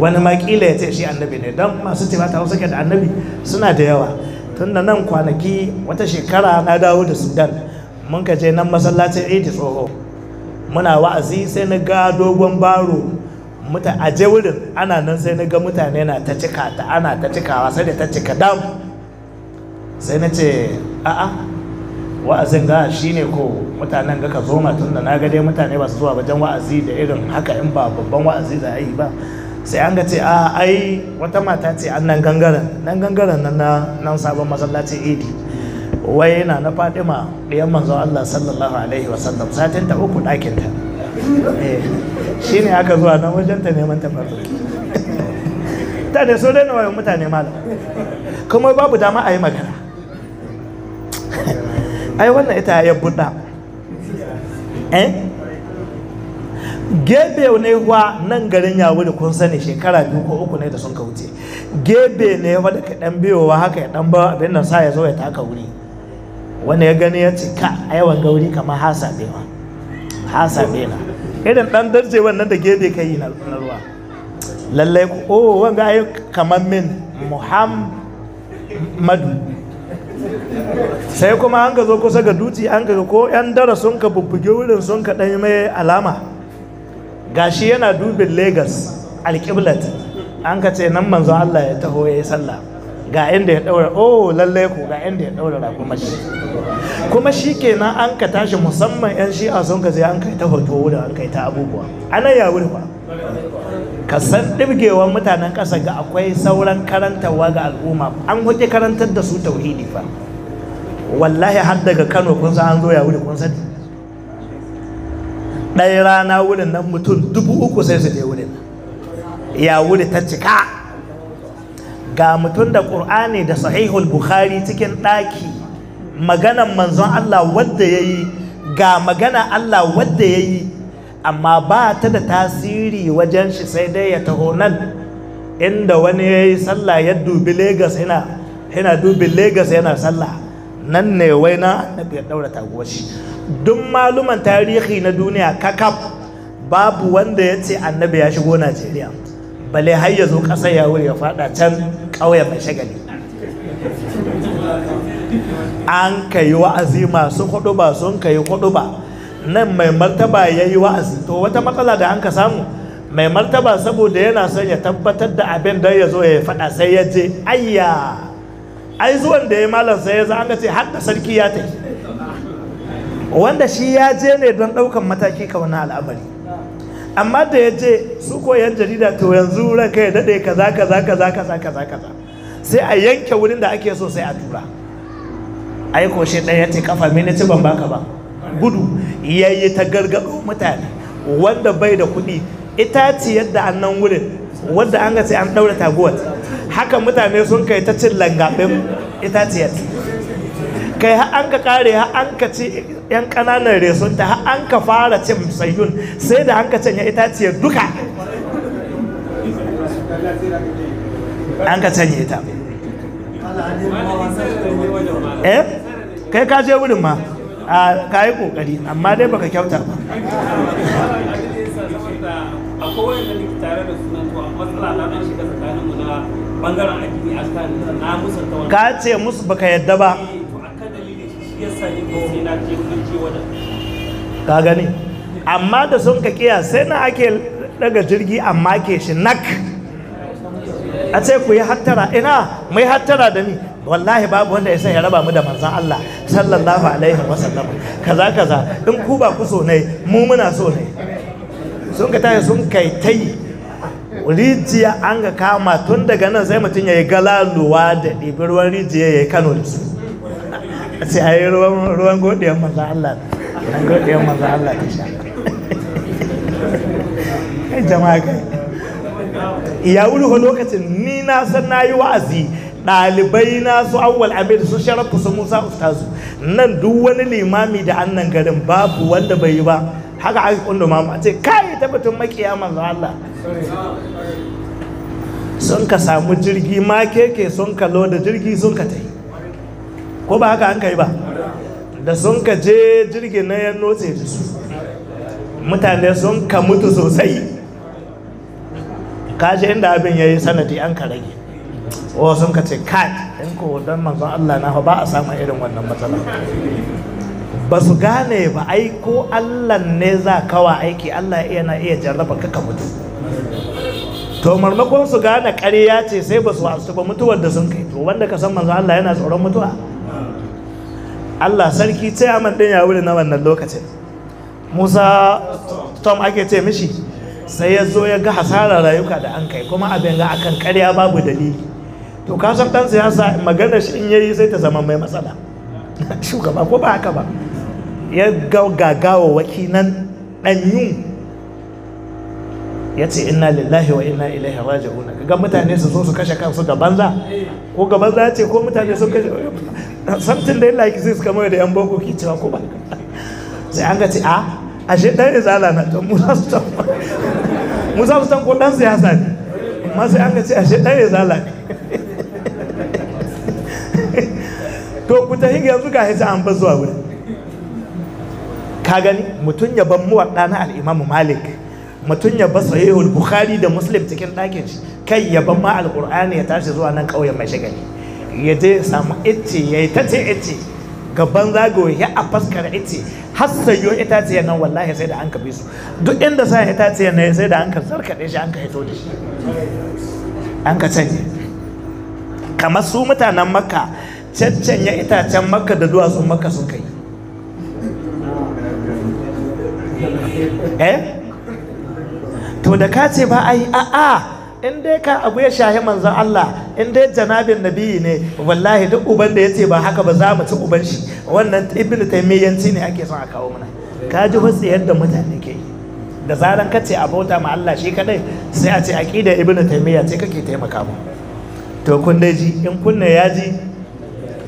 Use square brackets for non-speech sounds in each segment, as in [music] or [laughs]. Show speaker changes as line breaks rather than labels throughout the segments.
wani makila ya ce shi annabi ne don masu ce wasu hausa da annabi suna da yawa tun da nan kwanaki wata shekara na dawo da sudan mun ka je nan masallacin idi tsoho muna wa'azi sai na ga dogon baro muta a je wurin ana nan sai na ga mutane na ta cika ta ana ta cikawa sai da ta cika dam sai na ce a'a wa'azin ga shi ne ko mutanen ga ka zo ma tun da na ga dai mutane ba su zuwa wajen wa'azi da irin haka in ba babban wa'azi za a yi ba sai an ga ce a ah, ai wata mata ce an nan gangaren nan gangaren nan na nan sabon masallacin idi wai na na fadima ɗayan manzo Allah sallallahu alaihi wa sallam satin ta uku ɗakin ta eh, shi ne aka zuwa nan wajen ta neman ta farko [laughs] ta da so daina wayan mutane malam kuma babu dama a yi magana [laughs] ai wannan ita ya buɗa eh gebe ne wa nan garin ya wuri kun sani shekara biyu ko uku ne da sun kauce gebe ne wa da kaɗan biyowa haka ya ɗan ba abin nan sa ya zo ya taka wuri wani ya gani ya ce ka aiwan gauri kamar hasa bewa hasa bewa irin ɗan darje wannan da gebe ka yi na ruwa lallai ko oh, wanga ayi kamar min muhammadu sai kuma an ga zo kusa ga duci an ga ko yan dara sun ka bubbuge wurin sun ka ɗan mai alama gashi yana dubin lagos alkiblat an ka ce nan manzo allah ya taho ya yi sallah ga inda ya ɗaura oh lalle ku ga inda ya ɗaura kuma shi kuma shi kenan an ka tashi musamman yan shi a sun ka an kai ta hoto wurin an kai ta abubuwa ana ya wuri ba ka san dibgewan mutanen ƙasa ga akwai sauran karantarwa ga al'umma an hoke karantar da su tauhidi fa wallahi har daga kano kun san an zo ya wuri kun sani ɗaya rana wurin nan mutum dubu uku sai su je wurin ya wuri ta cika ga mutum da ƙur'ani da sahihul bukhari cikin ɗaki maganan manzon Allah wadda ya yi ga magana Allah wadda ya yi amma ba ta da tasiri wajen shi sai dai ya taho nan inda wani ya yi sallah ya dubi Legas yana dubi Legas yana sallah nan ne waina na ya daura taguwar shi duk maluman tarihi na duniya kakaf babu wanda ya ce annabi ya shigo najeriya bale har ya zo ƙasar ya wuri ya faɗa can ƙauyen mai shagali an ka yi wa'azi masu kudu ba sun ka yi ba nan mai martaba ya yi wa'azi to wata matsala da an ka samu mai martaba saboda yana son ya tabbatar da abin da ya zo ya faɗa sai ya je ayya ai zuwan da ya malam sai ya za an ce har da sarki ya yi. wanda shi ya je ne don ɗaukan mataki ka wani al'amari amma da ya je su koyan jarida to yanzu ranka ya daɗe kaza kaza kaza kaza kaza za sai a yanke wurin da ake so sai a tura ai ko shi ɗaya ce kafa mini ci ban baka ba gudu yayi ta gargaɗo mutane wanda bai da kuɗi ita ce yadda annan wurin wanda an ga sai an ɗaura taguwar haka mutane sun kai ta cin langaɓin itaciyar kai har an ka kare har an ka ci yan ƙananan resunta har an ka fara cin sayyun sai da an ka canya itaciyar duka an ka canye ta eh kai ka je wurin ma a ka yi kokari amma dai baka kyauta ba akwai wani tare da su bangaren addini na ka ce musu baka yadda ba eh, to akan dalilin shi ko sai na je ce ka gani amma da sun ka kiya sai na ake daga jirgi amma ke shi nak a ce ku yi hattara ina mai hattara da ni wallahi babu wanda ya san ya raba mu da manzan Allah sallallahu alaihi wa sallam kaza kaza in ku ba ku so ne mu muna so ne sun ka tayi sun kai tai rijiya an ga kama tun daga nan sai mutum ya yi galaluwa da ɗibi ruwan rijiya ya yi kano da su sai a yi ruwan godiyar maza Allah ruwan godiyar maza Allah ta sha kai jama'a kai ya wuri lokacin ni na san na yi wa'azi ɗalibai na su awwal abin su sharafu su musa ustazu nan duk wani limami da annan garin babu wanda bai yi ba haka aka kundu mamu a ce kai tabbatun makiya manzo Allah sun ka samu jirgi ma keke sun ka loda jirgi sun ka ta yi ko ba haka an kai ba da sun ka je jirgin na yan notse da su mutane sun ka mutu sosai Ka je inda abin ya yi sanadi an ka rage o sun ka ce kat in ko don manzon Allah na ba a samu irin wannan matsala ba su gane ba ai ko Allah ne za kawa aiki Allah yana iya jarraba ka ka mutu to marmakon su gane ƙarya ce sai ba su wasu ba mutuwar da sun kai to wanda ka san manzo Allah yana tsoron mutuwa Allah sarki ce aman din ya wuri na wannan lokacin Musa Tom ake ce mishi sai ya zo ya ga hasarar rayuka da an kai kuma abin ga akan ƙarya babu dalili to ka san dan siyasa magana shi in yayi sai ta zama mai matsala [laughs] shugaba ko ba haka ba ya nan wakinan ɗanyu ya ce inna lillahi wa inna ilaihi raji'una kaga mutane su zo su kashe kansu da banza ko ga banza ya ce ko mutane sun kashe something da like this kamar da yan boko ke cewa ko ba sai an ga ce a ah, ashe dan izala na to musa su musa su san ko dan siyasa ne amma sai an ga ce ashe dan izala ne to ku ta yanzu ga hita an bar zuwa wuri ka gani mutum yaban ban muwaɗa na al'imamu malik mutum ya basa yi bukhari da muslim cikin ɗakin shi kai ya ban ma alƙur'ani ya tashi zuwa nan ƙauyen mai shagali ya je samu itti ya yi ta ce ice gaban zagayo ya a faskara ice har sayo itaciya nan wallahi sai da an kafe su duk inda sa itaciya nan sai da an ka sarkaɗe shi an ka hito da shi an ka canje kamar su mutanen makka cancanya itacen makka da duwatsun makka sun kai eh to da ka ce ba a yi a'a in dai ka abu ya shahi manzon Allah in dai janabin nabi ne wallahi duk uban da ya ce ba haka ba za mu ci uban shi wannan ibn taymiyanci ne ake son a kawo mana ka ji wasu yadda mutane ke da zaran ka ce a bauta ma Allah shi kadai sai a ce aqida ibn taymiya ce kake taimaka mu to kun dai ji in kunne ya ji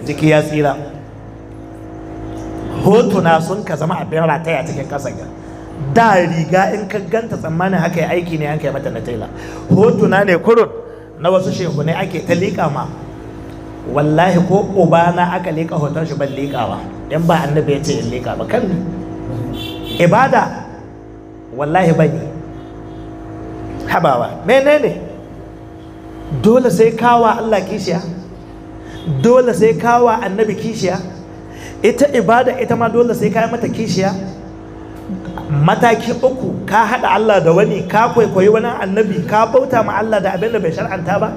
jiki ya tsira hotuna sun ka zama abin rataya cikin kasa gari da riga in ka ganta tsammanin haka ya aiki ne an kai mata na tela. hotuna ne kurun na wasu shehu ne ake ta liƙa ma wallahi ko uba na aka liƙa hoton shi ban liƙawa in ba annabi ya ce in liƙa ba kan ibada wallahi ban yi habawa menene dole sai kawa Allah kishiya dole sai kawa annabi kishiya ita ibada ita ma dole sai kayi mata kishiya mataki uku ka haɗa Allah da wani ka kwaikwayi wani annabi ka bauta ma Allah da abinda bai shar'anta ba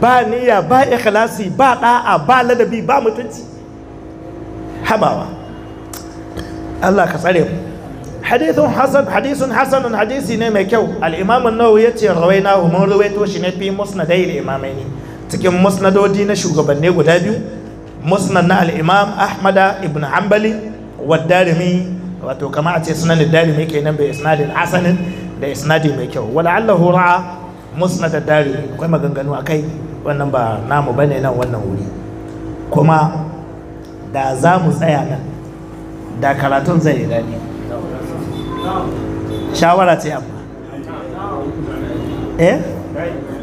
ba niyya ba ikhlasi ba da'a ba ladabi ba mutunci habawa Allah ka tsare mu hadithun hasan hadithun hasanun hadisi ne mai kyau al-imam an-nawawi yace hu mun rawaito shi ne fi musnadai al-imamaini cikin musnadodi na shugabanni guda biyu musnad na al-imam ahmada ibn hanbali wa darimi wato kama a ce sunan mai kenan bai isnadin hasanin da isnadi mai kyau wala allahu ra'a musnad darimi akwai maganganu akai wannan ba namu bane nan wannan wuri kuma da za mu tsaya nan da karatun zai yi daɗi shawara ce amma eh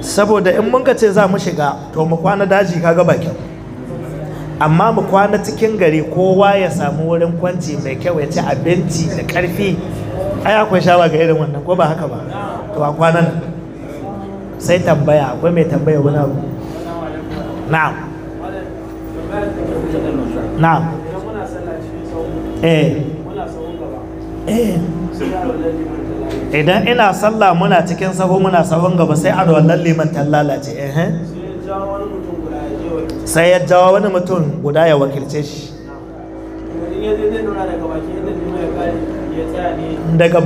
saboda in mun ka ce za mu shiga to mu kwana daji kaga bakin kyau amma mu kwana cikin gari kowa ya samu wurin kwanci mai kyau ya ci abinci da karfi ai akwai shawa ga irin wannan ko ba haka ba to a kwanan sai tambaya akwai mai tambaya wani abu na'am
na'am eh.
eh idan ina sallah muna cikin sahu muna sahun gaba sai a rawar liman ta lalace eh sai ya jawo wani mutum guda ya wakilce shi daga